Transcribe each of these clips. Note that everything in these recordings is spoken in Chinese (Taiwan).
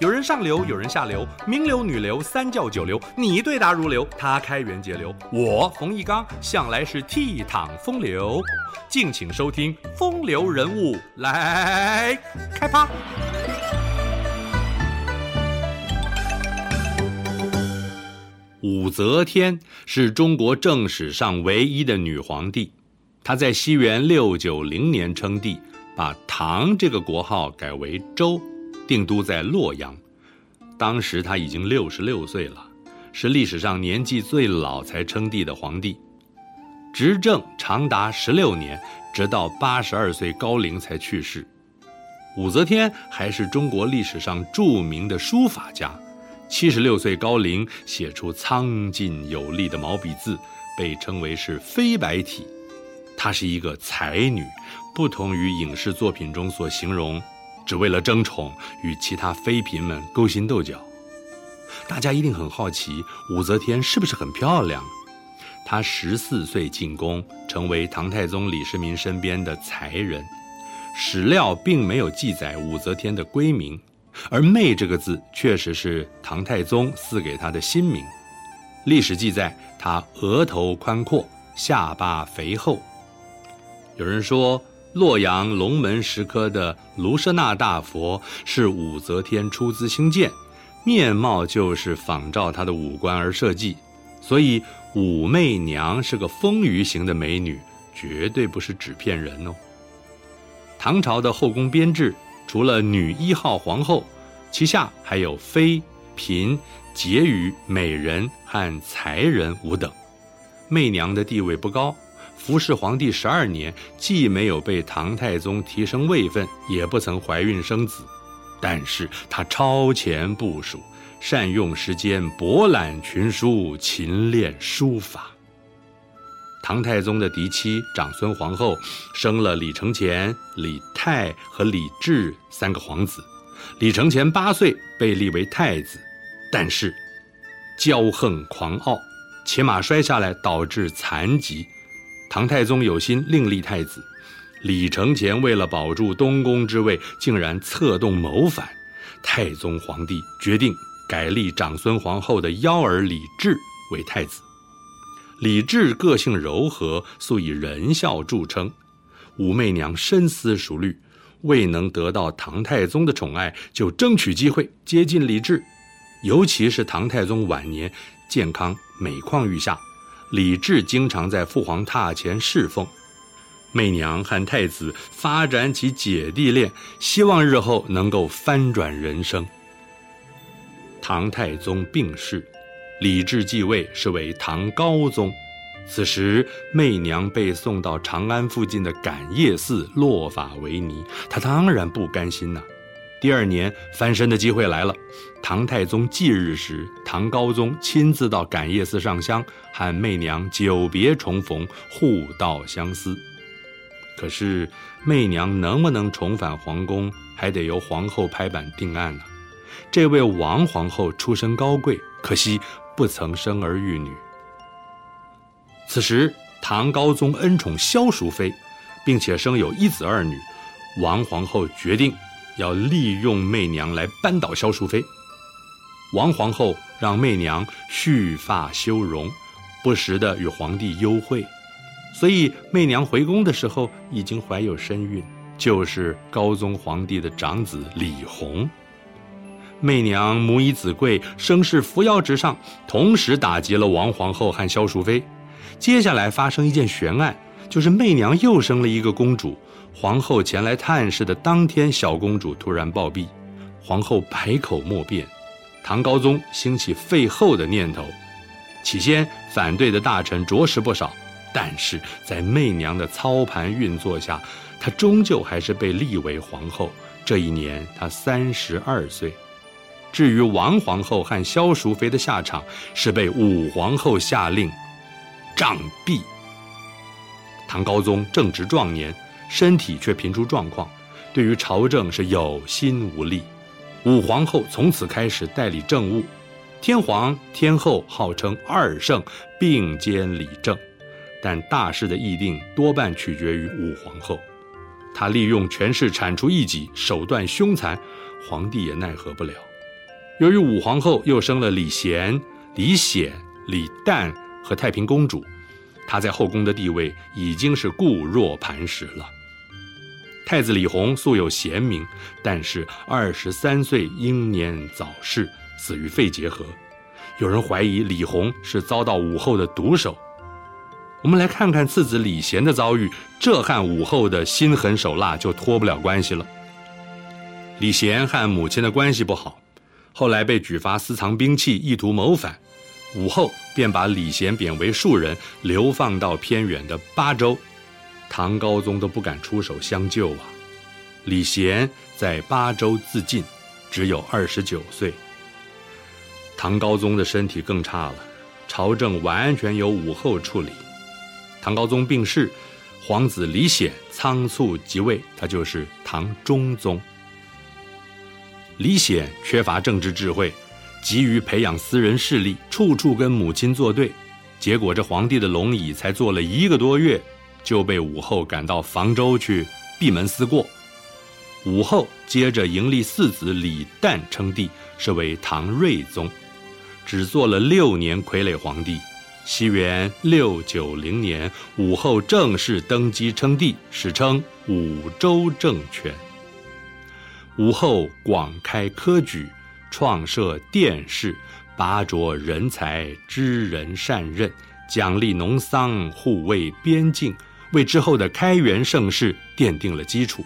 有人上流，有人下流，名流、女流、三教九流，你對答如流，她開源節流。我馮翊綱向來是倜儻風流，敬請收聽《風流人物》來開趴。武則天是中國正史上唯一的女皇帝，她在西元六九零年稱帝，把唐這個國號改為周。定都在洛陽，當時他已經六十六歲了，是歷史上年紀最老才稱帝的皇帝，執政長達十六年，直到八十二歲高齡才去世。武則天還是中國歷史上著名的書法家，七十六歲高齡寫出蒼勁有力的毛筆字，被稱為是飛白體。她是一個才女，不同於影視作品中所形容。只為了爭寵，與其他妃嬪們勾心鬥角。大家一定很好奇，武則天是不是很漂亮？她十四歲進宮，成為唐太宗李世民身邊的才人。史料並沒有記載武則天的閨名，而“媚”這個字確實是唐太宗賜給她的新名。歷史記載，她額頭寬闊，下巴肥厚。有人說。洛陽龍門石刻的盧舍那大佛是武則天出資興建，面貌就是仿照她的五官而設計，所以武媚娘是個豐腴型的美女，絕對不是紙片人哦。唐朝的後宮編制，除了女一號皇後，其下還有妃、嬪、婕妤、美人和才人五等，媚娘的地位不高。服侍皇帝十二年，既沒有被唐太宗提升位分，也不曾懷孕生子。但是，他超前部署，善用時間，博覽群書，勤練書法。唐太宗的嫡妻長孫皇后生了李承乾、李泰和李治三個皇子。李承乾八歲被立為太子，但是驕橫狂傲，騎馬摔下來導致殘疾。唐太宗有心另立太子，李承乾為了保住東宮之位，竟然策動謀反。太宗皇帝決定改立長孫皇後的幺兒李治為太子。李治個性柔和，素以仁孝著稱。武媚娘深思熟慮，未能得到唐太宗的寵愛，就爭取機會接近李治。尤其是唐太宗晚年健康每況愈下。李治經常在父皇榻前侍奉，媚娘和太子發展起姐弟戀，希望日後能夠翻轉人生。唐太宗病逝，李治繼位，是為唐高宗。此時，媚娘被送到長安附近的感業寺落髮為尼，她當然不甘心吶、啊。第二年翻身的機會來了，唐太宗忌日時，唐高宗親自到感業寺上香，和媚娘久別重逢，互道相思。可是媚娘能不能重返皇宮，還得由皇后拍板定案呢、啊？這位王皇后出身高貴，可惜不曾生兒育女。此時唐高宗恩寵蕭淑妃，並且生有一子二女，王皇后決定。要利用媚娘來扳倒蕭淑妃，王皇后讓媚娘蓄髮修容，不時地與皇帝幽會，所以媚娘回宮的時候已經懷有身孕，就是高宗皇帝的長子李弘。媚娘母以子貴，聲勢扶搖直上，同時打擊了王皇後和蕭淑妃。接下來發生一件懸案。就是媚娘又生了一個公主，皇后前來探視的當天，小公主突然暴斃，皇后百口莫辯。唐高宗興起廢後的念頭，起先反對的大臣着實不少，但是在媚娘的操盤運作下，她終究還是被立為皇後。這一年她三十二歲。至於王皇後和蕭淑妃的下場，是被武皇后下令杖斃。唐高宗正值壯年，身體卻頻出狀況，對於朝政是有心無力。武皇后從此開始代理政務，天皇天后號稱二聖，並肩理政，但大事的議定多半取決於武皇後。她利用權勢鏟除異己，手段兇殘，皇帝也奈何不了。由於武皇后又生了李賢、李顯、李旦和太平公主。他在後宮的地位已經是固若磐石了。太子李弘素有賢名，但是二十三歲英年早逝，死於肺結核。有人懷疑李弘是遭到武後的毒手。我們來看看次子李賢的遭遇，這和武後的心狠手辣就脫不了關係了。李賢和母親的關係不好，後來被舉發私藏兵器，意圖謀反。武後便把李賢貶為庶人，流放到偏遠的巴州，唐高宗都不敢出手相救啊！李賢在巴州自盡，只有二十九歲。唐高宗的身體更差了，朝政完全由武後處理。唐高宗病逝，皇子李顯倉促即位，他就是唐中宗。李顯缺乏政治智慧，急於培養私人勢力，處處跟母親作對，結果這皇帝的龍椅才坐了一個多月，就被武後趕到房州去閉門思過。武後接着迎立四子李旦稱帝，是為唐睿宗，只做了六年傀儡皇帝。西元六九零年，武後正式登基稱帝，史稱武周政權。武後廣開科舉。創設殿試，拔擢人才，知人善任，獎勵農桑，護衛邊境，為之後的開元盛世，奠定了基礎。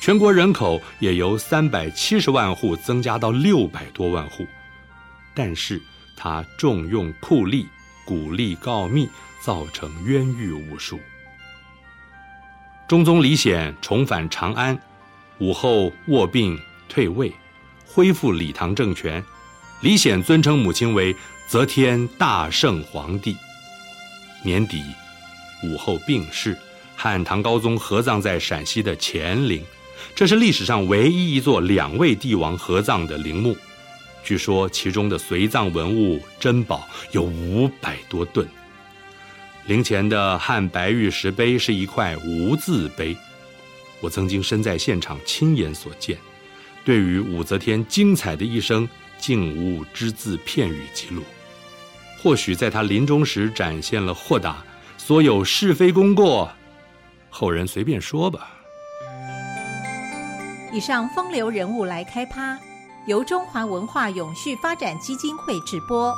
全國人口也由三百七十萬戶增加到六百多萬戶。但是，他重用酷吏，鼓勵告密，造成冤獄無數。中宗李顯重返長安，武後臥病退位。恢復李唐政權，李顯尊稱母親為則天大聖皇帝。年底，武後病逝，和唐高宗合葬在陝西的乾陵，這是歷史上唯一一座兩位帝王合葬的陵墓。據說其中的隨葬文物珍寶有五百多噸。陵前的漢白玉石碑是一塊無字碑，我曾經身在現場親眼所見。對於武則天精彩的一生，竟無隻字片語記錄。或許在她臨終時展現了豁達，所有是非功過，後人隨便說吧。以上風流人物來開趴，由中華文化永續發展基金會直播。